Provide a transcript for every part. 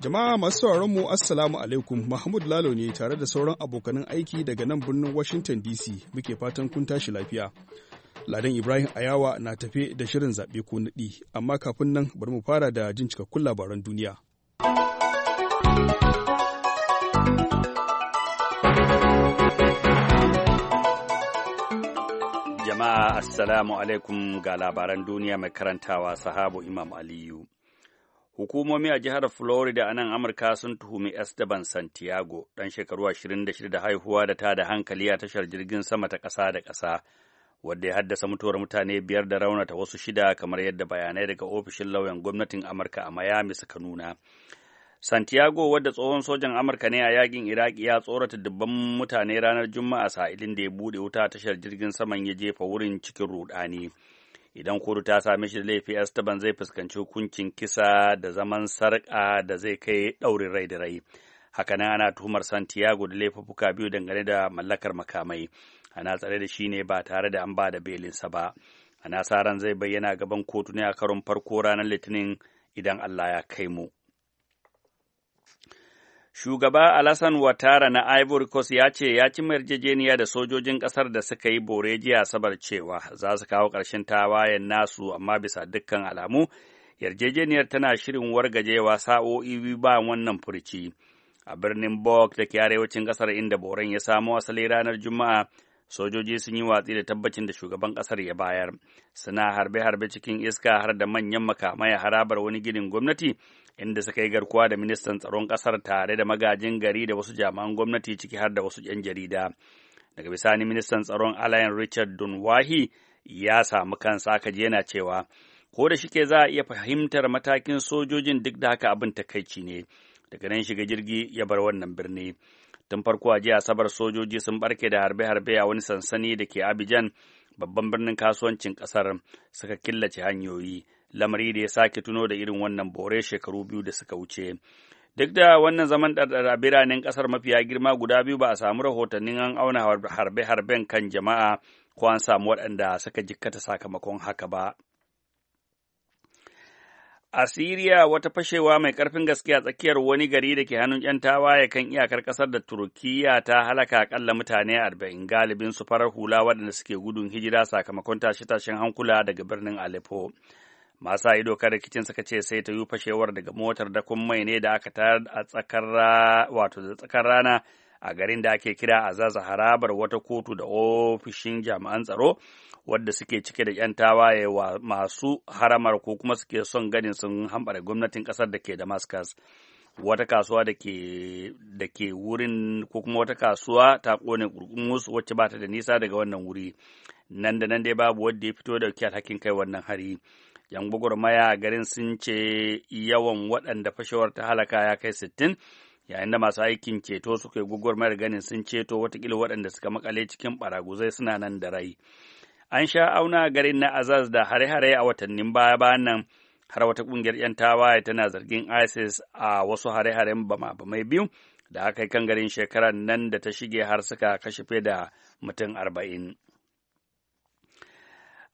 Jama'a masu sauraron mu Assalamu alaikum Mahmud Lalo ne tare da sauran abokanan aiki daga nan birnin Washington DC muke fatan kun tashi lafiya. Ladan Ibrahim Ayawa na tafe da shirin zaɓe ko naɗi, amma kafin nan bari mu fara da jin cikakkun labaran duniya. Jama'a Assalamu alaikum ga labaran duniya mai karantawa sahabu Imam Aliyu. Hukumomi a jihar Florida a nan Amurka sun tuhumi Esteban Santiago, ɗan shekaru 26 da haihuwa da ta da hankali a tashar jirgin sama ta ƙasa da ƙasa, wadda ya haddasa mutuwar mutane biyar da raunata wasu shida kamar yadda bayanai daga ofishin lauyan gwamnatin Amurka a Miami suka nuna. Santiago wadda tsohon sojan Amurka ne a yakin Iraki ya tsorata dubban mutane ranar Juma'a sa'ilin da ya buɗe wuta tashar jirgin saman ya jefa wurin cikin ruɗani. idan kotu ta same shi da laifi esteban zai fuskanci hukuncin kisa da zaman sarƙa da zai kai ɗaurin rai da rai hakanan ana tuhumar santiago da laifuffuka biyu dangane da mallakar makamai ana tsare da shi ne ba tare da an ba da belinsa ba a nasaran zai bayyana gaban kotu ne a karon farko ranar litinin idan allah ya kai mu Shugaba Alasan Watara na Ivory Coast ya ce ya ci yarjejeniya da sojojin ƙasar da suka yi bore jiya sabar cewa za su kawo ƙarshen tawayen nasu amma bisa dukkan alamu yarjejeniyar tana shirin wargajewa sa'o'i biyu ba wannan furci. A birnin Bok da ke arewacin ƙasar inda boren ya samo asali ranar Juma'a sojoji sun yi watsi da tabbacin da shugaban ƙasar ya bayar. Suna harbe-harbe cikin iska har da manyan makamai harabar wani ginin gwamnati inda suka yi garkuwa da ministan tsaron ƙasar tare da magajin gari da wasu jami'an gwamnati ciki har da wasu 'yan jarida. Daga bisani ministan tsaron Alain Richard Dunwahi ya samu kansa aka ji yana cewa ko da shike za a iya fahimtar matakin sojojin duk da haka abin takaici ne. Daga nan shiga jirgi ya bar wannan birni. Tun farko a jiya Asabar sojoji sun barke da harbe-harbe a wani sansani da ke Abidjan babban birnin kasuwancin ƙasar suka killace hanyoyi. lamari da ya sake tuno da irin wannan bore shekaru biyu da suka wuce duk da wannan zaman ɗarɗara biranen ƙasar mafiya girma guda biyu ba a samu rahotannin an auna harbe-harben kan jama'a ko an samu waɗanda suka jikkata sakamakon haka ba A Siriya wata fashewa mai ƙarfin gaske a tsakiyar wani gari da ke hannun 'yan tawaye kan iyakar ƙasar da Turkiyya ta halaka akalla mutane arba'in galibin su farar hula waɗanda suke gudun hijira sakamakon tashe-tashen hankula daga birnin Aleppo. masu ido kada rikicin suka ce sai ta yi fashewar daga motar dakon mai ne da aka tayar a tsakar rana a garin da ake kira a zaza harabar wata kotu da ofishin jami'an tsaro wadda suke cike da 'yan tawaye wa masu haramar ko kuma suke son ganin sun hambara gwamnatin kasar da ke damascus wata kasuwa da ke wurin ko kuma wata kasuwa ta kone kurkumus wacce ba ta da nisa daga wannan wuri nan da nan dai babu wadda ya fito da hakin kai wannan hari. yan gwagwarmaya garin sun ce yawan waɗanda fashewar ta halaka ya kai sittin yayin da masu aikin ceto suka yi gwagwarmayar ganin sun ceto watakila waɗanda suka makale cikin baraguzai suna nan da rai an sha auna garin na azaz da hare-hare a watannin baya bayan nan har wata ƙungiyar 'yan tawaye tana zargin isis a wasu hare-haren bama-bamai biyu da aka yi kan garin shekarar nan da ta shige har suka kashe fiye da mutum arba'in.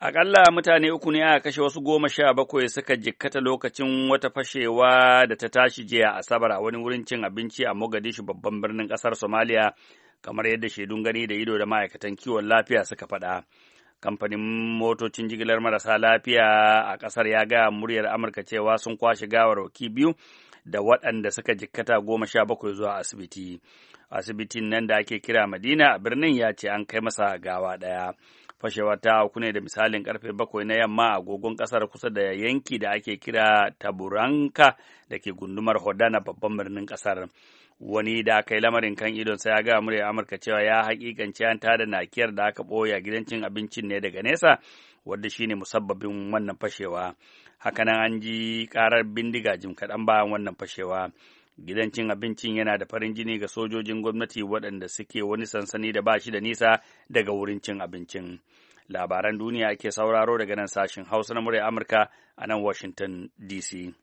Aƙalla mutane uku ne aka kashe wasu goma sha bakwai suka jikkata lokacin wata fashewa da ta tashi jiya Asabar a wani wurin cin abinci a Mogadishu babban birnin ƙasar Somalia kamar yadda shaidun gani da ido da ma'aikatan kiwon lafiya suka faɗa. Kamfanin motocin jigilar marasa lafiya a ƙasar ya gaya muryar Amurka cewa sun kwashe gawarwaki biyu da waɗanda suka jikkata goma sha bakwai zuwa asibiti. Asibitin nan da ake kira Madina a birnin ya ce an kai masa gawa ɗaya. fashewa ta hauku ne da misalin karfe bakwai na yamma a agogon kasar kusa da yanki da ake kira taburanka da ke gundumar hodana babban birnin kasar wani da aka yi lamarin kan idon sai ya gaya murya amurka cewa ya hakikanci an tada nakiyar da aka boya gidan cin abincin ne daga nesa wadda shine musabbabin wannan fashewa hakanan an ji karar bindiga jim kaɗan bayan wannan fashewa Gidan cin abincin yana da farin jini ga sojojin gwamnati waɗanda suke wani sansani da ba shi da nisa daga wurin cin abincin. Labaran duniya ake sauraro daga nan sashen Hausa na murya Amurka a nan Washington DC.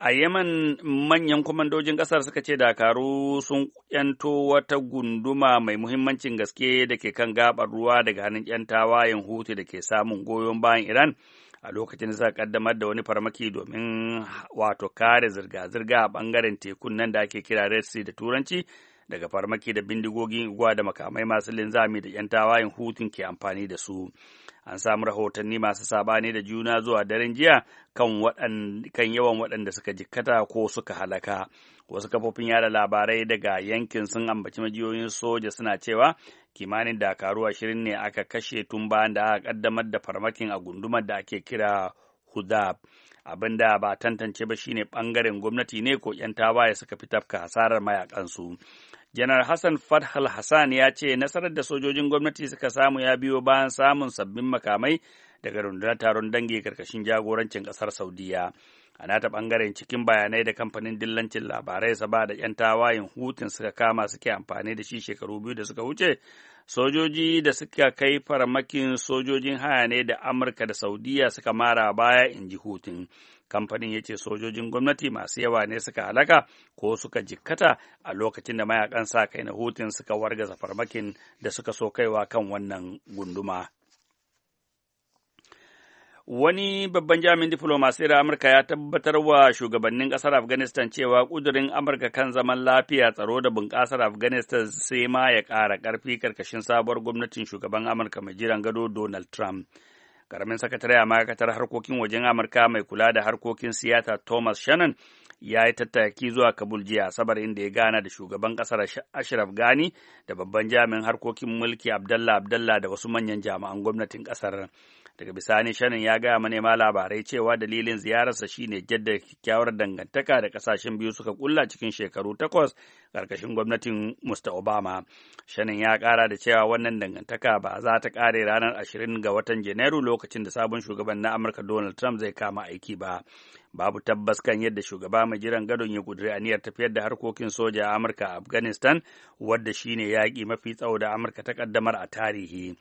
A Yemen manyan kwamandojin ƙasar suka ce dakaru sun ‘yanto wata gunduma mai muhimmancin gaske da ke kan gabar ruwa daga hannun ‘yan tawayen hutu da ke samun goyon bayan Iran a lokacin da suka kaddamar da wani farmaki domin wato kare zirga-zirga a bangaren tekun nan da ake kira Red Sea da Turanci daga farmaki da bindigogin guwa da makamai masu linzami da 'yan tawayen hutun ke amfani da su. an samu rahotanni masu sabani da juna zuwa daren jiya kan yawan waɗanda suka jikkata ko suka halaka wasu kafofin yada labarai daga yankin sun ambaci majiyoyin soja suna cewa kimanin dakaru ashirin ne aka kashe tun bayan da aka ƙaddamar da farmakin a gundumar da ake kira hudab abin da ba tantance ba shine ɓangaren gwamnati ne ko 'yan tawaye suka fi tafka hasarar mayakansu janar hassan fathal hassan ya ce nasarar da sojojin gwamnati suka samu ya biyo bayan samun sabbin makamai daga rundunar taron dangi karkashin jagorancin kasar saudiya a nata bangaren cikin bayanai da kamfanin dillancin labarai saba da 'yan tawayin hutun suka kama suke amfani da shi shekaru biyu da suka wuce sojoji da suka kai farmakin sojojin haya ne da amurka da saudiya suka mara baya in ji hutun kamfanin ya ce sojojin gwamnati masu yawa ne suka halaka ko suka jikkata a lokacin da mayakan sa kai na hutun suka wargaza farmakin da suka so kaiwa kan wannan gunduma wani babban jami'in diflomasiyar amurka ya tabbatar wa shugabannin kasar afghanistan cewa ƙudurin amurka kan zaman lafiya tsaro da bunƙasar afghanistan sai ma ya ƙara ƙarfi karkashin sabuwar gwamnatin shugaban amurka mai jiran gado donald trump karamin sakatare a ma'aikatar harkokin wajen amurka mai kula da harkokin siyasa thomas shannon ya yi tattaki zuwa kabul jiya asabar inda ya gana da shugaban kasar ashraf gani da babban jami'in harkokin mulki abdallah abdallah da wasu manyan jami'an gwamnatin kasar daga bisani shanin ya gaya manema labarai cewa dalilin ziyararsa shine jaddada kyakkyawar dangantaka da kasashen biyu suka kulla cikin shekaru takwas karkashin gwamnatin Mr. Obama. Shanin ya kara da cewa wannan dangantaka ba za ta kare ranar ashirin ga watan Janairu lokacin da sabon shugaban na Amurka Donald Trump zai kama aiki ba. Babu tabbas kan yadda shugaba mai jiran gadon ya kudiri aniyar tafiyar da harkokin soja a Amurka a Afghanistan wadda shine yaƙi mafi tsawo da Amurka ta kaddamar a tarihi.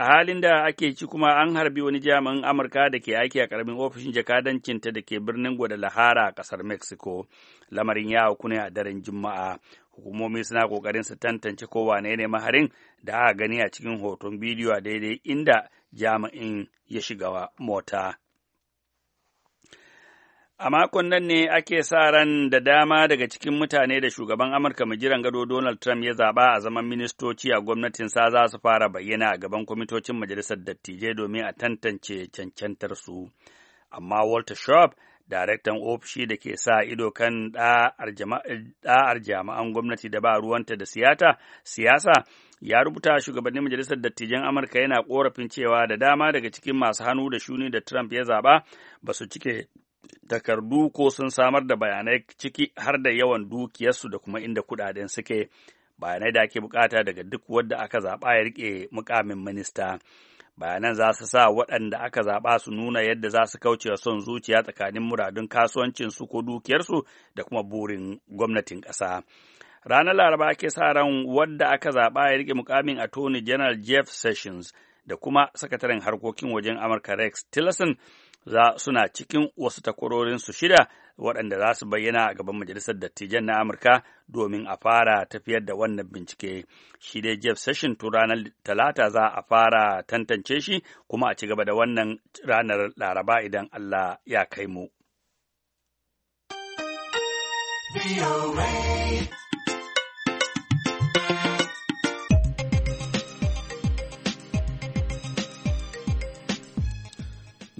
a halin da ake ci kuma an harbi wani jami'in amurka da ke aiki a karamin ofishin jakadancinta da ke birnin guadalajara a kasar mexico lamarin ya hauku ne a daren juma'a hukumomi suna kokarin su tantance ko wane ne maharin da aka gani a cikin hoton bidiyo a daidai inda jami'in ya shiga mota A makon nan ne ake sa ran da dama daga cikin mutane da shugaban Amurka mai jiran gado Donald Trump ya zaɓa a zaman ministoci a gwamnatin sa za su fara bayyana a gaban kwamitocin majalisar dattijai domin a tantance cancantar su. Amma Walter Sharp, daraktan ofishi da ke sa ido kan da'ar jami'an gwamnati da ba ruwanta da siyata, siyasa, ya rubuta shugabannin majalisar dattijan Amurka yana korafin cewa da dama daga cikin masu hannu da shuni da Trump ya zaɓa ba su cike takardu ko sun samar da bayanai ciki har da yawan dukiyarsu da kuma inda kudaden suke bayanai da ake bukata daga duk wadda aka zaɓa ya rike mukamin minista bayanan za su sa waɗanda aka zaɓa su nuna yadda za su wa son zuciya tsakanin muradun kasuwancinsu ko dukiyarsu da kuma burin gwamnatin ƙasa. ranar laraba ake sa ran wadda aka zaɓa ya rike mukamin attorney general jeff sessions da kuma sakataren harkokin wajen amurka rex tillerson za suna cikin wasu takwarorinsu shida waɗanda za su bayyana a gaban majalisar dattijan na amurka domin a fara tafiyar da wannan bincike shi dai jeff session tun ranar talata za a fara tantance shi kuma a ci gaba da wannan ranar laraba idan allah ya kai mu.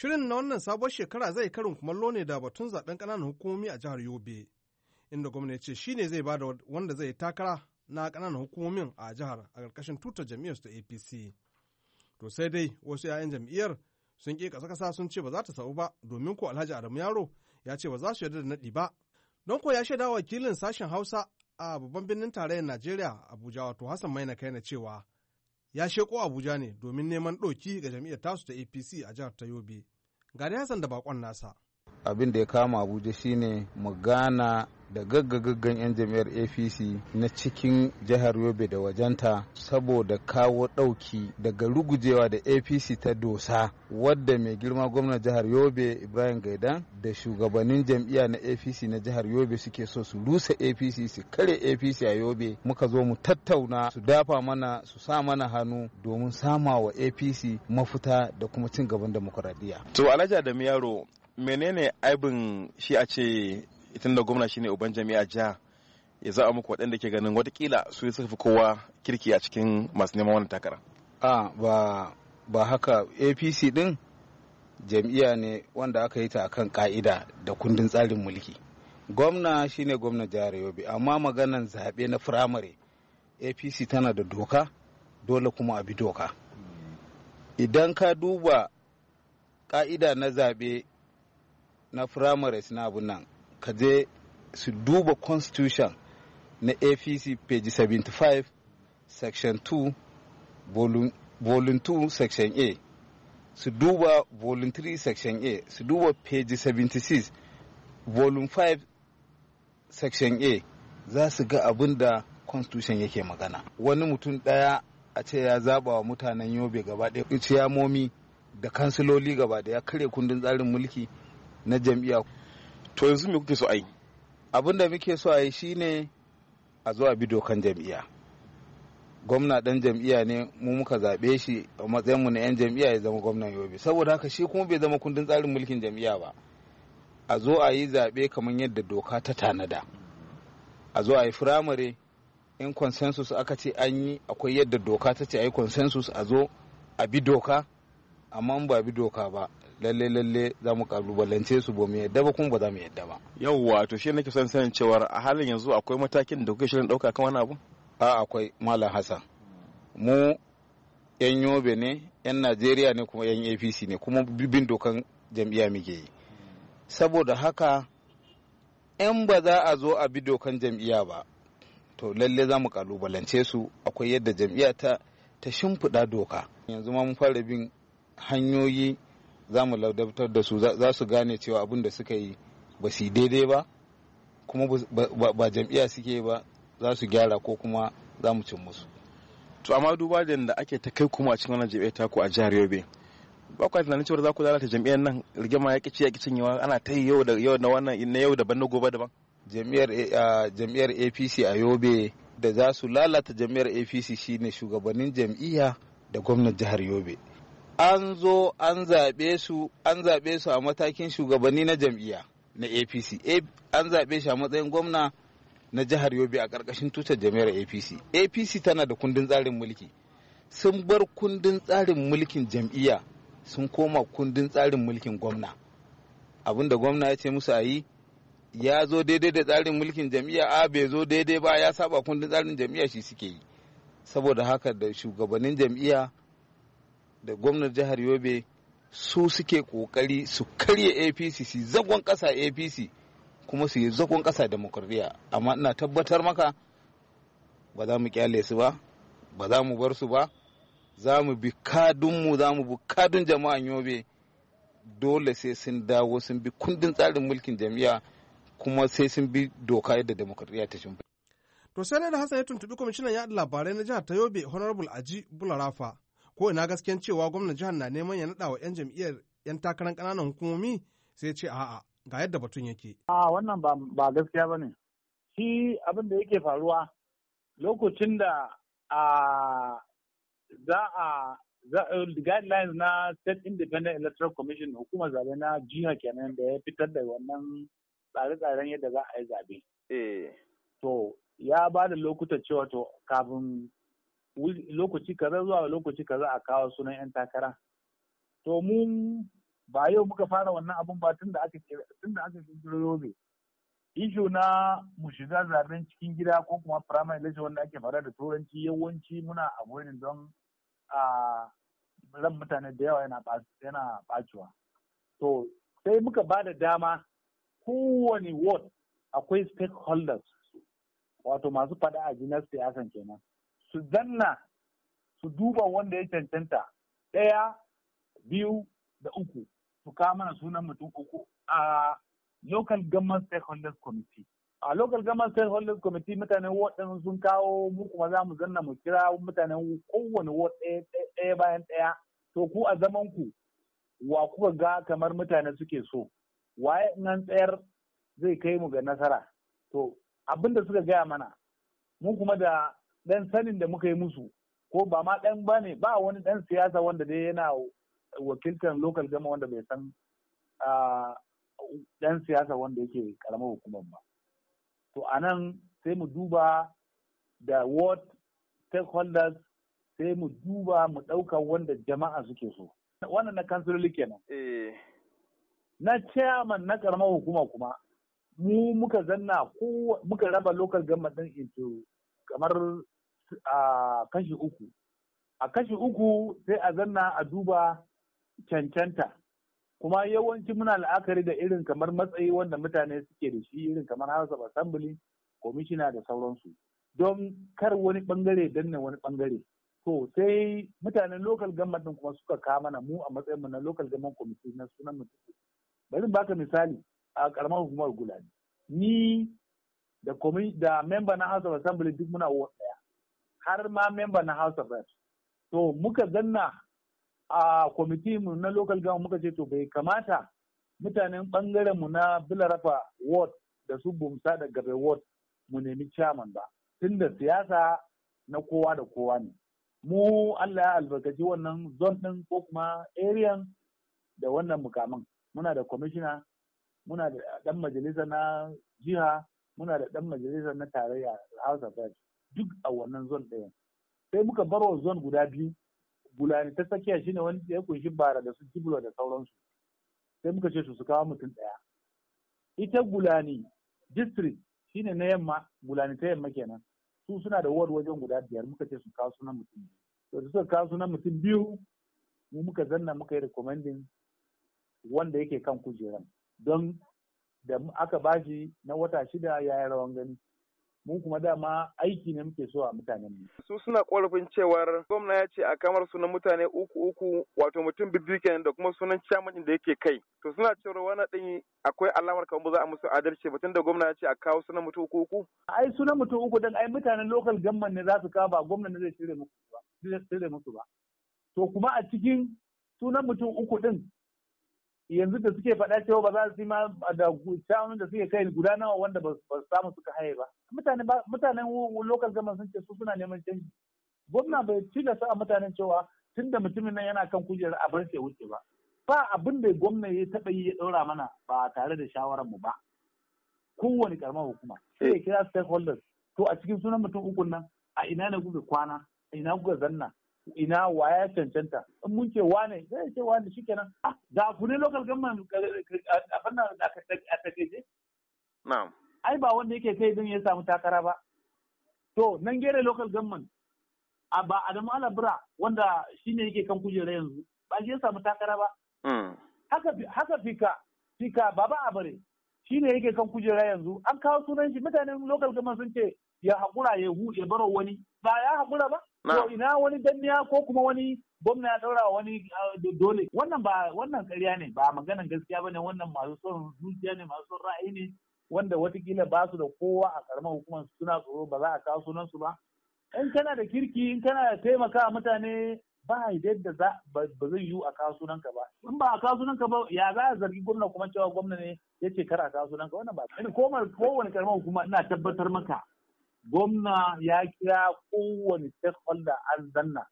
Shirin na wannan sabuwar shekara zai karin kumallo ne da batun zaben ƙananan hukumomi a jihar Yobe, inda gwamna ce shi ne zai bada wanda zai takara na ƙananan hukumomin a jihar a ƙarƙashin tutar jam'iyyar ta APC. To sai dai wasu 'ya'yan jam'iyyar sun ƙi ƙasa ƙasa sun ce ba za ta sabu ba domin ko Alhaji Adamu Yaro ya ce ba za su yarda da naɗi ba. Don ko ya shaidawa wakilin sashen Hausa a babban birnin tarayyar Najeriya Abuja wato Hassan Maina na cewa ya sheko Abuja ne domin neman ɗoki ga jam'iyyar tasu ta APC a jihar ta Yobe. Ga Hassan da bakon nasa. abin da ya kama abuja shine mu gana da gaggagaggan 'yan jam'iyyar apc na cikin jihar yobe da wajenta saboda kawo ɗauki daga rugujewa da apc ta dosa wadda mai girma gwamna jihar yobe ibrahim gaidan da shugabannin jam'iyya na apc na jihar yobe suke so su rusa apc su kare apc a yobe muka zo mu tattauna su dafa mana su sa mana hannu domin sama wa apc mafuta da kuma cin gaban demokuraɗiyya. to alhaji adamu yaro menene aibin shi a ce itin da gwamna shine uban jami'a jiha ya za a muku waɗanda ke ganin watakila su yi sufi kowa kirki a cikin masu neman wani takara a ba haka apc din jami'a ne wanda aka yi ta kan ka'ida da kundin tsarin mulki gwamna shine gwamna jihar yobe amma maganan zaɓe na firamare apc tana da doka dole kuma a bi doka idan ka duba ka'ida na zaɓe na primaries na abun nan ka je su duba constitution na apc page 75 section 2 volume 2 section a su duba volume 3 section a su duba page 76 volume 5 section a za su ga abin da constitution yake magana wani mutum daya a ce ya zaba wa mutanen yobe gaba daya ciyamomi da kansiloli gaba daya karya kundin tsarin mulki na jam'iyya to yanzu me kuke so a yi abin da muke so a yi shine a zo a bi dokan jam'iyya gwamna dan jam'iyya ne mu muka zaɓe shi a matsayin mu na 'yan jam'iyya ya zama gwamnan yobe saboda haka shi kuma bai zama kundin tsarin mulkin jam'iyya ba a zo a yi zaɓe kamar yadda doka ta tanada a zo a yi firamare in consensus aka ce an yi akwai yadda doka ta ce a yi consensus a zo a bi doka amma ba bi doka ba lalle lalle za mu kalubalance su ba mu yadda ba kuma ba za mu yadda ba yauwa to shi nake son sanin cewa a halin yanzu akwai matakin da kuke shirin dauka kan wani abu a akwai malam hassan mu yan yobe ne yan najeriya ne kuma yan apc ne kuma bin dokan jam'iyya muke yi saboda haka yan ba za a zo a bi dokan jam'iyya ba to lalle za mu kalubalance su akwai yadda jam'iyya ta ta shimfiɗa doka yanzu ma mun fara bin hanyoyi za mu laudabtar da su za su gane cewa abin da suka yi ba su daidai ba kuma ba jam'iyya suke ba za su gyara ko kuma za mu cin musu to amma duba da da ake ta kai kuma a cikin wannan jam'iyyar taku a jihar yobe ba kwa tunanin cewa za ku lalata jam'iyyar nan rigima ya kici ya kicin yawa ana ta yi yau da yau na wannan na yau daban na gobe daban jami'ar jam'iyyar APC a Yobe da za su lalata Jam'iyar APC shine shugabannin jam'iyya da gwamnan jihar Yobe an zo an zaɓe su an zaɓe su a matakin shugabanni na jam'iyya na apc an zaɓe shi a matsayin gwamna na jihar yobe a ƙarƙashin tutar jami'ar apc apc tana da kundin tsarin mulki sun bar kundin tsarin mulkin jam'iyya sun koma kundin tsarin mulkin gwamna abinda gwamna ya ce musu a yi ya zo daidai da tsarin mulkin jam'iyya a bai zo daidai ba ya saba kundin tsarin jam'iyya shi suke yi saboda haka da shugabannin jam'iyya da gwamnar jihar yobe su suke kokari su karya apc su zagon kasa apc kuma su yi zagon kasa demokradiyya amma ina tabbatar maka ba za mu kyale su ba ba za mu bar su ba za mu bi kadunmu za mu bi kadun jama'an yobe dole sai sun dawo sun bi kundin tsarin mulkin jam'iyya kuma sai sun bi doka yadda demokradiyya ta shimfa. to sai da hassan ya tuntuɓi kwamishinan yaɗa labarai na jihar ta yobe honorable aji bularafa ko ina gaskiyan cewa gwamnan jihar na neman ya naɗa wa 'yan jam'iyyar 'yan takarar ƙananan hukumomi sai ce a'a ga yadda batun yake. A wannan ba gaskiya ba ne. Shi abin da yake faruwa lokacin da a za a guidelines na State Independent Electoral Commission hukumar zabe na jiha kenan da ya fitar da wannan tsare-tsaren yadda za a yi zabe. Eh. To ya ba da lokuta cewa to kafin lokaci kaza zuwa lokaci kaza a kawo sunan 'yan takara. To mu ba yau muka fara wannan abun ba tun da aka kirkiro yobe. Ishu na mu shiga zaben cikin gida ko kuma primary election wanda ake fara da turanci yawanci muna avoiding don a ran mutane da yawa yana bacewa. To sai muka ba da dama kowane ward akwai stakeholders wato masu faɗa a jinar siyasan kenan. su zanna su duba wanda ya cancanta ɗaya biyu da uku su kawo mana sunan mutum uku a local government stakeholders committee a local government stakeholders committee mutanen waɗansu sun kawo mu kuma za mu zanna mu kira mutanen kowane ɗaya bayan ɗaya to ku a zaman ku wa kuka ga kamar mutane suke so waye nan tsayar zai kai mu ga nasara to abinda suka gaya mana mu kuma da dan sanin da muka yi musu ko ba ma dan ba ne ba wani dan siyasa wanda dai yana wakiltar local gama wanda bai san dan siyasa wanda yake karamar hukumar ba to a nan, sai mu duba da ward stakeholders sai mu duba mu ɗauka wanda jama'a suke so wannan na kansiloli kenan eh. na chairman na karamar hukuma kuma mu muka zanna ko muka raba local government din into kamar a kashi uku a kashi uku sai a zanna a duba cancanta kuma yawanci muna la'akari da irin kamar matsayi wanda mutane suke da shi irin kamar house of assembly komishina da sauransu don kar wani bangare danne wani bangare to sai mutanen local government din kuma suka kama na mu a matsayin mu na local government committee na sunan mu bari baka misali a karamar hukumar gulani ni da da member na house of assembly duk muna wa har ma memba na House of Reps. To muka zanna a kwamiti mu na local government muka ce to bai kamata mutanen bangaren mu na Bilarafa ward da su Bumsa da Gabe ward mu nemi chairman ba. Tunda siyasa na kowa da kowa ne. Mu Allah ya albarkaci wannan zon ɗin ko kuma area da wannan mukamin. Muna da commissioner, muna da ɗan majalisa na jiha, muna da ɗan majalisa na tarayya House of Reps. duk a wannan zon ɗaya, sai muka bar wa zon guda biyu gulani ta tsakiya shi ne wani ya kunshi bara da su jibula da sauransu sai muka ce su su kawo mutum ɗaya ita gulani district shi ne na yamma gulani ta yamma kenan su suna da ward wajen guda biyar muka ce su kawo sunan mutum biyu to suka kawo sunan mutum biyu mu muka zanna muka yi recommending wanda yake kan kujeran don da aka bashi na wata shida ya yi rawan gani mun kuma dama aiki ne muke so a mutanen mu. Su suna ƙorafin cewar gwamna ya ce a kamar sunan mutane uku uku wato mutum biyu kenan da kuma sunan chairman da yake kai. To suna cewar wani din akwai alamar kamar ba za a musu adalci ba da gwamna ya ce a kawo sunan mutum uku uku. Ai sunan mutum uku dan ai mutanen local government ne za su kawo ba gwamna ne zai cire musu ba. To kuma a cikin sunan mutum uku ɗin. yanzu da suke faɗa cewa ba za su yi ma da shanun da suke kai guda nawa wanda ba su samu suka haye ba mutane mutanen local government sun ce su suna neman canji gwamna bai tilasta a mutanen cewa tun da mutumin nan yana kan kujerar a bar ya wuce ba ba abin da gwamna ya taɓa yi ya ɗaura mana ba tare da shawarar mu ba kowane ƙaramar hukuma sai ya kira stakeholders to a cikin sunan mutum ukun nan a ina ne kuka kwana a ina kuka zanna ina wa ya cancanta in mun ce wane zai ce wane shikenan ah da ku ne local government a fannin a je na'am ai ba wanda yake kai din ya samu takara ba to nan gere local government a ba Adamu Alabra wanda shine yake kan kujera yanzu ba shi ya samu takara ba hmm. haka haka fika fika baba abare shine yake kan kujera yanzu an kawo sunan shi mutanen local government sun ce ya haƙura ya hu ya baro wani ba ya haƙura ba To ina wani danniya ko kuma wani gwamna ya daura wani uh, dole wannan ba wannan ƙarya ne ba maganan gaskiya ba ne wannan masu son zuciya ne masu son ra'ayi ne wanda watakila ba su da kowa a karamar hukumar suna tsoro ba za a kawo sunan su ba in kana da kirki in kana da taimaka mutane ba yadda za ba zai yiwu a kawo sunanka ba in ba a kawo sunanka ba ya za a zargi gwamna kuma cewa gwamna ne ya ce kar a kawo sunanka wannan ba ko kowane karamar hukuma ina tabbatar maka gwamna ya kira kowane stakeholder an zanna.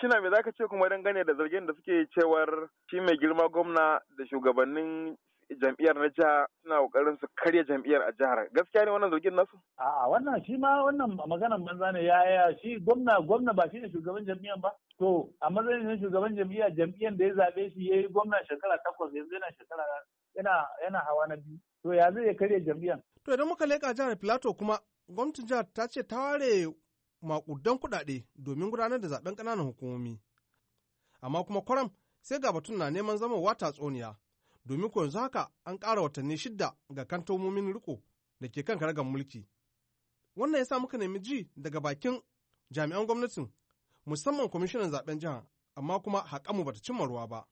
Shina me ka ce kuma dangane da zargin da suke cewar shi mai girma gwamna da shugabannin jam'iyyar na jiha suna kokarin su karya jam'iyyar a jihar gaskiya ne wannan zargin nasu a'a wannan shi ma wannan maganan banza ne ya shi gwamna gwamna ba shi ne shugaban jam'iyyar ba to a matsayin ne shugaban jam'iyyar jam'iyyar da ya zabe shi yayi gwamna shekara takwas yanzu yana shekara yana yana hawa na biyu to ya zai karya jam'iyyar to idan muka leka jihar Plateau kuma gwamnatin jihar ta ce ta ware makudan kuɗaɗe domin gudanar da zaben kananan hukumomi. Amma kuma kwaram sai ga batun na neman zama wata tsoniya domin ko yanzu haka an kara watanni shidda ga kantomomin riko da ke kan karagar mulki. Wannan ya sa muka nemi ji daga bakin jami'an gwamnatin musamman kwamishinan zaben jihar amma kuma haƙamu bata cimma ruwa ba.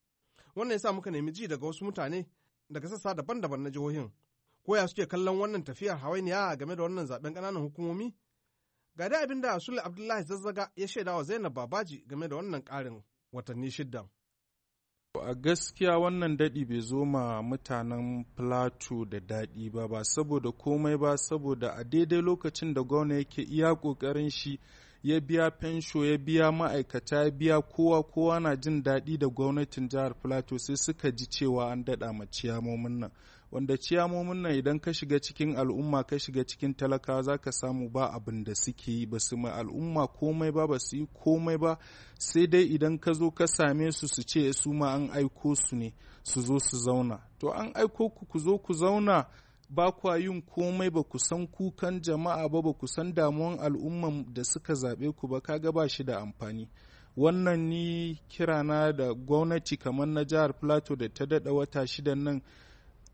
Wannan ya sa muka nemi ji daga wasu mutane daga sassa daban-daban na jihohin koya suke kallon wannan tafiyar hawainiya game da wannan zaben kananan hukumomi ga dai abinda da sule abdullahi zazzaga ya shaida wa zainab babaji game da wannan karin watanni shidda a gaskiya wannan daɗi bai zo ma mutanen plateau da daɗi ba ba saboda komai ba saboda a daidai lokacin da gwamna yake iya kokarin shi ya biya fensho ya biya ma'aikata ya biya kowa kowa na jin daɗi da gwamnatin jihar plateau sai suka ji cewa an daɗa ma ciyamomin nan wanda ciyamomin nan idan ka shiga cikin al'umma ka shiga cikin talakawa za ka samu ba abin da suke yi ba su mai al'umma komai ba ba su yi komai ba sai dai idan ka zo ka same su su ce su ma an aiko su ne su zo su zauna to an aiko ku ku zo ku zauna ba kwa yin komai ba ku san kukan jama'a ba ba ku san damuwan al'umman da suka zaɓe ku ba kaga ba shi da amfani wannan ni kirana da gwamnati kamar na jihar plateau da ta daɗa wata shidan nan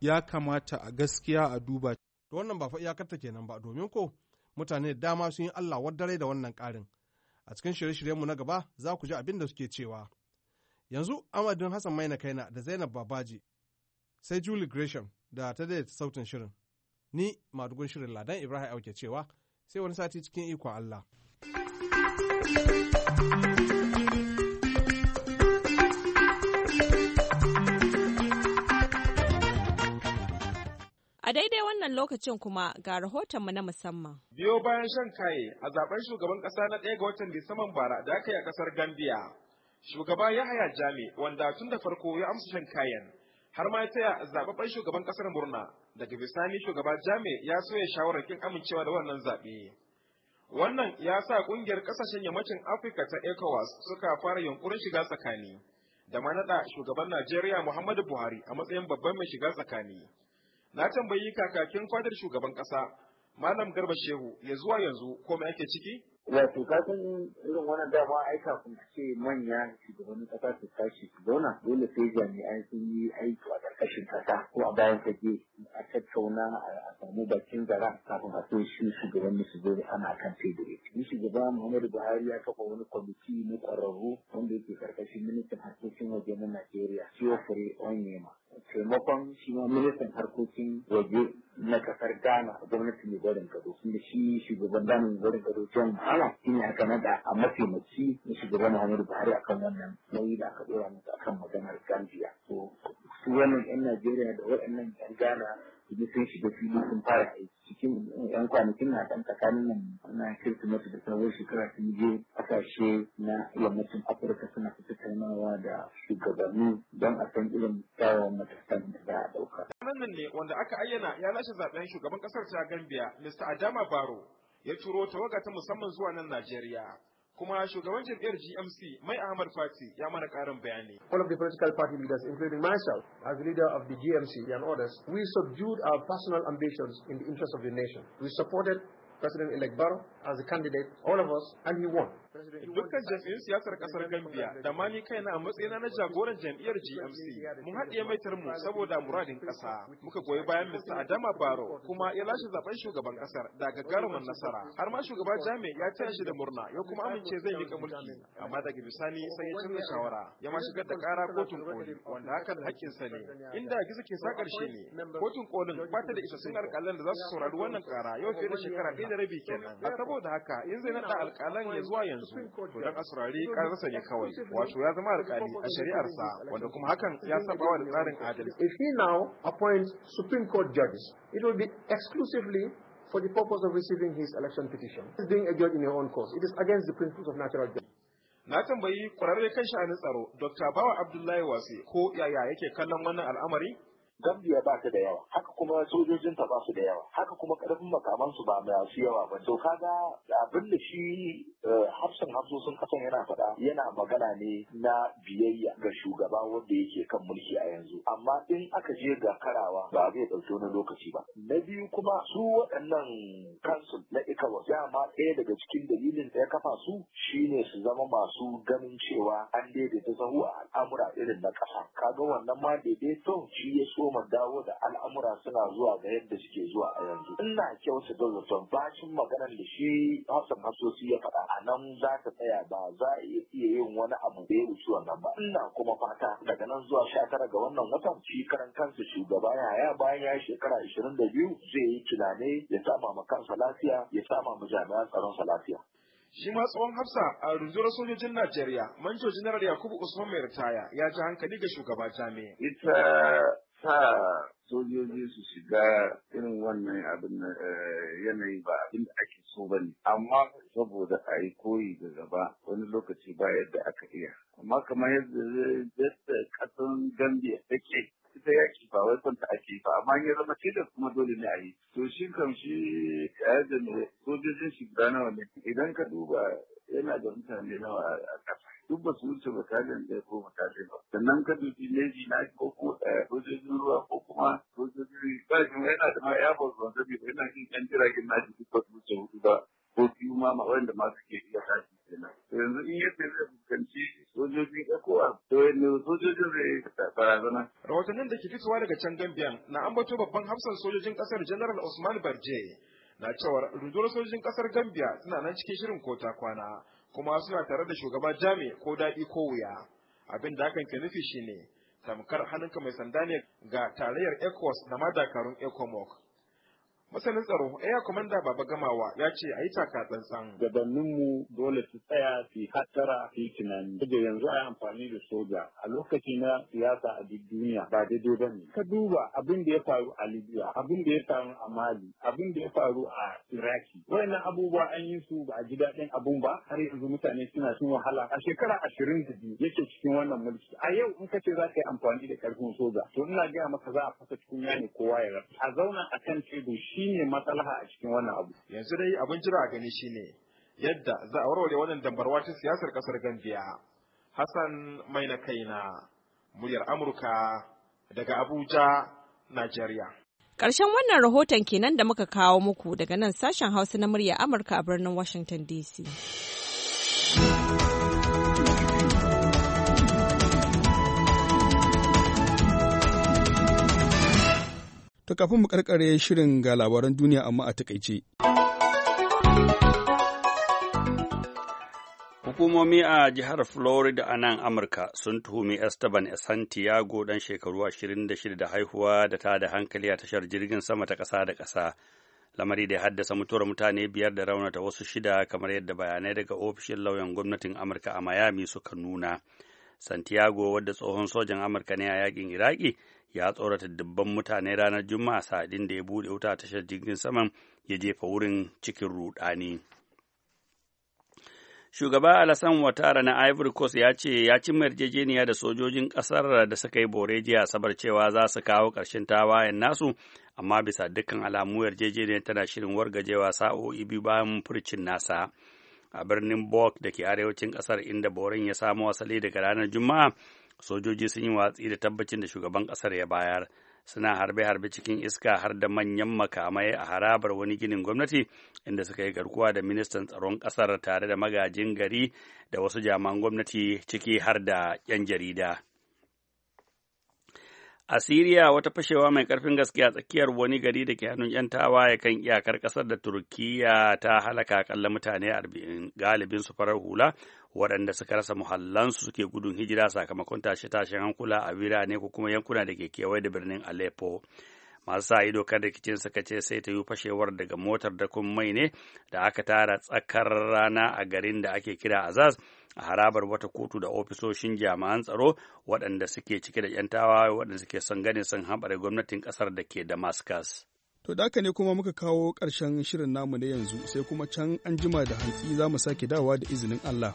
ya kamata a gaskiya a duba. To wannan ba fa iyakarta kenan ba domin ko mutane da dama sun yi Allah wadare da wannan ƙarin. A cikin shirye-shiryenmu na gaba za ku ji abin da suke cewa. Yanzu amadin Hassan Maina Kaina da Zainab Babaji sai Julie Gresham da ta daidaita sautin shirin. Ni madugun shirin Ladan Ibrahim Auke cewa sai wani sati cikin ikon Allah. thank you A daidai wannan lokacin kuma ga rahoton mu na musamman. Biyo bayan shan kaye a zaben shugaban kasa na ɗaya ga watan Disamban bara da aka yi a ƙasar Gambia. Shugaba Yahaya Jami wanda tun da farko ya amsa shan kayan har ma ya taya zababben shugaban ƙasar murna daga bisani shugaba Jami ya soya shawarar kin amincewa da wannan zaɓe. Wannan ya sa ƙungiyar ƙasashen yammacin Afirka ta ECOWAS suka fara yunkurin shiga tsakani da ma naɗa shugaban Najeriya Muhammadu Buhari a matsayin babban mai shiga tsakani. na tambayi kakakin fadar shugaban kasa malam garba shehu ya zuwa yanzu ko me ake ciki wato ka san irin wannan dama ai kafin ce manya shugabannin kasa su tashi su zauna dole sai jami'ai sun yi aiki a ƙarƙashin kasa ko a bayan je a tattauna a samu bakin zara kafin a sai shi shugabanni su zo da ana kan teburi shi shugaba muhammadu buhari ya kafa wani kwamiti na ƙwararru wanda yake karkashin ministan harkokin waje na najeriya siyo fure onyema taimakon shi ma ministan harkokin waje na kasar Ghana gwamnati mai barin kado da shi shugaban dama mai barin kado John Mahama shi ne aka nada a mataimaci na shugaban Muhammadu Buhari akan wannan nauyi da aka dora masa akan maganar Gambia. So su wannan 'yan Najeriya da waɗannan 'yan Ghana su sun shiga fili sun fara aiki cikin yan kwanakin na ɗan tsakanin nan na kirsimeti da sabon shekara sun je ƙasashe na yammacin afirka suna tattaunawa da shugabanni don a san irin tsawon matasan da za a ɗauka. nan ne wanda aka ayyana ya lashe zaben shugaban ƙasar ta gambia mr adama baro ya turo tawaga ta musamman zuwa nan najeriya kuma mai Ahmad Fati ya mana karin bayani. All of the political party leaders including myself as leader of the GMC and others we subdued our personal ambitions in the interest of the nation. We supported President-elect Barrow as a candidate, all of us, and he won. Dukkan jam'iyyun siyasar kasar Gambia da ma ni kaina a matsayina na jagoran jam'iyyar GMC mun haɗiye maitar mu saboda muradin ƙasa. Muka goyi bayan Mr. Adama Baro kuma ya lashe zaben shugaban ƙasar da gagarumin nasara. Har ma shugaba Jami ya taya shi da murna ya kuma amince zai yi mulki amma daga bisani sai ya canza shawara ya ma shigar da ƙara kotun koli wanda hakan haƙƙinsa ne. Inda gizo ke sa ƙarshe ne kotun kolin ba ta da isassun alƙalan da za su saurari wannan ƙara yau fiye da shekara ɗaya da rabi kenan. A saboda haka in zai naɗa alƙalan ya zuwa yanzu if he now appoints supreme court judges it will be exclusively for the purpose of receiving his election petition is being a judge in your own cause it is against the principles of natural justice na tambayi kwararre kan sha'anin tsaro dr bawa abdullahi wasi ko yaya yake kallon wannan al'amari Gambia ba ta da yawa, haka kuma sojojin ta ba su da yawa, haka kuma karfin makamansu su ba masu yawa ba. To kaga abin da shi eh, hafsan sun kasan yana faɗa yana magana ne na biyayya ga shugaba wanda yake kan mulki a yanzu. Amma in aka je ga karawa ba zai ɗauki wani lokaci ba. Na biyu kuma su waɗannan kansul na ikawa dama ɗaya daga cikin dalilin da ya kafa su shine su zama masu ganin cewa an daidaita zahu a al'amura irin na ƙasa. Kaga wannan ma daidaito shi ya so mu dawo da al'amura suna zuwa ga yadda suke zuwa a yanzu ina kyauta da zaton bashin maganar da shi Hassan Hasosi ya faɗa a nan za ta tsaya ba za a iya yin wani abu da ya wuce wannan ba ina kuma fata daga nan zuwa sha tara ga wannan watan shi karan kansa shugaba yaya bayan ya shekara ashirin da biyu zai yi tunani ya sama ma kansa lafiya ya sama ma jami'an tsaron sa lafiya. Shi ma tsohon hafsa a rundunar sojojin Najeriya, manjo janar Yakubu Usman mai ritaya ya ji hankali ga shugaba jami'a. sa sojoji su shiga irin wannan abin eh, yanayi ba abin da ake so ba ne amma saboda a yi koyi da gaba wani lokaci ba yadda aka iya amma kamar yadda yadda kasan gambia take ita yaki ba wai kwanta ake ba amma ya zama da kuma dole ne a yi to shi kam shi sojojin shi nawa idan ka duba yana da mutane nawa a ƙasa duk ba su wuce mutane ɗaya ko mutane ba sannan ka dubi navy na ko kuma ɗaya eh, sojojin ruwa ko kuma sojojin ba yana da ma ya bazu wanda bai yana yin yan jiragen na jiki ko su wuce hudu ba ko biyu ma ma wanda ma suke iya tashi kenan yanzu in yadda zai fuskanci sojojin ECOWAS to ne sojojin zai barazana. Rahotannin da ke fitowa daga can Gambiyan na ambato babban hafsan sojojin kasar General Usman Barje na cewar rundunar sojojin kasar Gambia suna nan cikin shirin kota kwana kuma suna tare da shugaba Jami ko daɗi ko wuya. abin da aka ke nufi shine tamkar hannunka mai sanda ne ga tarayyar ecos da ma dakarun masanin tsaro Air Commander Baba Gamawa ya ce a yi taka tsantsan. mu dole su tsaya su hattara su tunani. Da yanzu a yi amfani da soja a lokaci na siyasa a duk duniya ba daidai ba ne. Ka duba abin da ya faru a Libya, abin da ya faru a Mali, abin da ya faru a Iraki. Wayannan abubuwa an yi su ba a ji daɗin abun ba har yanzu mutane suna cin wahala. A shekara ashirin da biyu yake cikin wannan mulki. A yau in ka ce za ka yi amfani da ƙarfin soja to ina gaya maka za a fasa cikin ne kowa ya rasa. A zauna a kan tebur shi ne maslaha a cikin wannan abu yanzu dai abin jira a gani ne yadda za a warware wannan dambarwa ta siyasar kasar Gambia Hassan mai na kaina muryar Amurka daga Abuja Najeriya Ƙarshen wannan rahoton kenan da muka kawo muku daga nan sashen Hausa na murya Amurka a birnin Washington DC. To kafin mu karkare shirin ga labaran duniya amma a takaice. Hukumomi a jihar Florida a nan Amurka sun tuhumi Esteban Santiago dan shekaru 26 da haihuwa da ta da hankali a tashar jirgin sama ta ƙasa da ƙasa. Lamari da ya haddasa mutuwar mutane biyar da raunata wasu shida kamar yadda bayanai daga ofishin lauyan gwamnatin Amurka a Miami suka nuna. santiago wadda tsohon sojan amurka ne a yakin iraki ya tsorata dubban mutane ranar juma'a sa'adin da ya bude wuta tashar jirgin saman ya jefa wurin cikin rudani shugaba alasan watara na ivory coast ya ce ya cimma yarjejeniya da sojojin ƙasar da suka yi borejiya sabar asabar cewa za su kawo ƙarshen tawayen nasu amma bisa dukkan alamu yarjejeniyar tana shirin wargajewa sa'o'i biyu bayan furcin nasa a birnin bok da ke arewacin ƙasar inda borin ya samo asali daga ranar Juma'a sojoji sun yi watsi da tabbacin da shugaban ƙasar ya bayar. suna harbe-harbe cikin iska har da manyan makamai a harabar wani ginin gwamnati inda suka yi garkuwa da ministan tsaron ƙasar tare da magajin gari da wasu jaman gwamnati ciki har da 'yan jarida. A Siriya wata fashewa mai karfin gaske a tsakiyar wani gari da ke hannun 'yan tawaye kan iyakar ƙasar da Turkiyya ta halaka akalla mutane arba'in galibin su farar hula waɗanda suka rasa muhallansu suke gudun hijira sakamakon tashe-tashen hankula a birane ko kuma yankuna da ke kewaye da birnin Aleppo. masu sa ido kan rikicin suka ce sai ta yi fashewar daga motar da kun mai ne da aka tara tsakar rana a garin da ake kira Azaz a harabar wata kotu da ofisoshin jami'an tsaro waɗanda suke cike da 'yan tawaye waɗanda suke son ganin sun haɓare gwamnatin ƙasar da ke damascus to da ne kuma muka kawo ƙarshen shirin namu na yanzu sai kuma can an jima da hantsi za mu sake dawa da izinin allah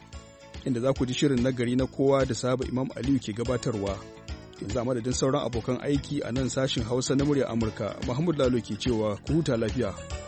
inda za ku ji shirin nagari na kowa da saba imam aliyu ke gabatarwa yanzu a madadin sauran abokan aiki a nan sashin hausa na murya amurka mahmud lalo ke cewa ku huta lafiya